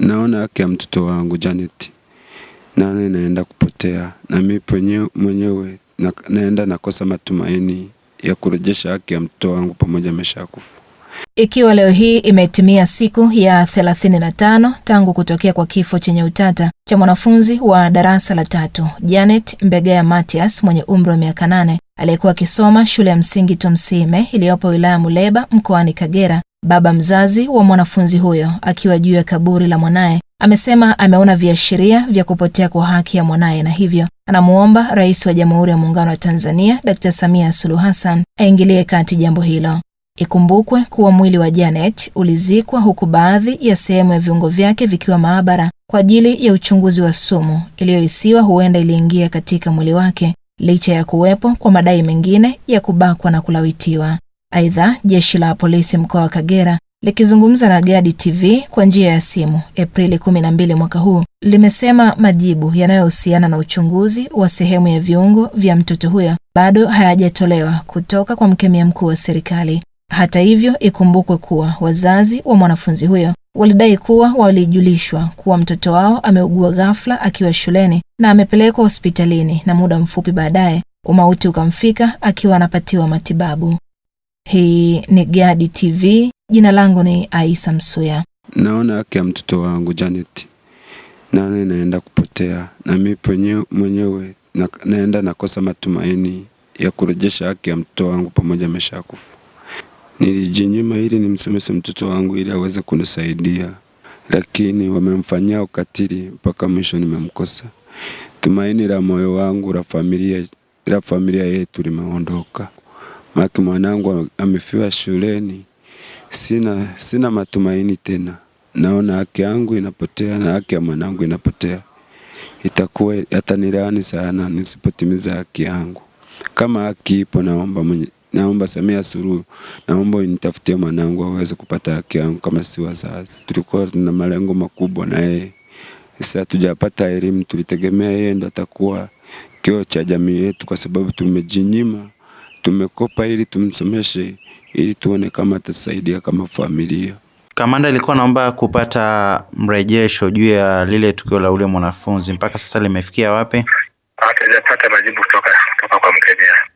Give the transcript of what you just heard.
Naona haki ya mtoto wangu Janet, nane inaenda kupotea, na mi mwenyewe na, naenda nakosa matumaini ya kurejesha haki ya mtoto wangu pamoja amesha kufa. Ikiwa leo hii imetimia siku ya 35 tangu kutokea kwa kifo chenye utata cha mwanafunzi wa darasa la tatu Janet Mbegea Matias mwenye umri wa miaka nane aliyekuwa akisoma shule ya msingi tomsime iliyopo wilaya Muleba mkoani Kagera Baba mzazi wa mwanafunzi huyo akiwa juu ya kaburi la mwanaye amesema ameona viashiria vya kupotea kwa haki ya mwanaye na hivyo anamwomba Rais wa Jamhuri ya Muungano wa Tanzania Dkt. Samia Suluhu Hassan aingilie kati jambo hilo. Ikumbukwe kuwa mwili wa Janet ulizikwa huku baadhi ya sehemu ya viungo vyake vikiwa maabara kwa ajili ya uchunguzi wa sumu iliyohisiwa huenda iliingia katika mwili wake licha ya kuwepo kwa madai mengine ya kubakwa na kulawitiwa. Aidha, jeshi la polisi mkoa wa Kagera likizungumza na Gadi TV kwa njia ya simu Aprili 12 mwaka huu limesema majibu yanayohusiana na uchunguzi wa sehemu ya viungo vya mtoto huyo bado hayajatolewa kutoka kwa mkemia mkuu wa serikali. Hata hivyo, ikumbukwe kuwa wazazi wa mwanafunzi huyo walidai kuwa walijulishwa kuwa mtoto wao ameugua ghafla akiwa shuleni na amepelekwa hospitalini na muda mfupi baadaye umauti ukamfika akiwa anapatiwa matibabu. Hii ni Gadi TV. Jina langu ni Aisa Msuya. Naona haki ya mtoto wangu Janet, naona inaenda kupotea na mi mwenyewe na, naenda nakosa matumaini ya kurejesha haki ya mtoto wangu pamoja amesha kufa. Nilijinyima ili nimsomese mtoto wangu ili aweze kunisaidia, lakini wamemfanyia ukatili mpaka mwisho nimemkosa. Tumaini la moyo wangu la familia, la familia yetu limeondoka maki mwanangu amefiwa shuleni, sina, sina matumaini tena. Naona haki yangu inapotea na haki ya mwanangu inapotea. Itakuwa atanilaani sana nisipotimiza haki yangu. Kama haki ipo, naomba mwenye, naomba Samia Suluhu, naomba unitafutie mwanangu aweze kupata haki yangu kama si wazazi. Tulikuwa tuna malengo makubwa na yeye, sasa tujapata elimu. Tulitegemea yeye ndo atakuwa kio cha jamii yetu, kwa sababu tumejinyima tumekopa ili tumsomeshe, ili tuone kama atasaidia kama familia. Kamanda, ilikuwa naomba kupata mrejesho juu ya lile tukio la ule mwanafunzi, mpaka sasa limefikia wapi? Hatujapata majibu kutoka kutoka kwa mkemia.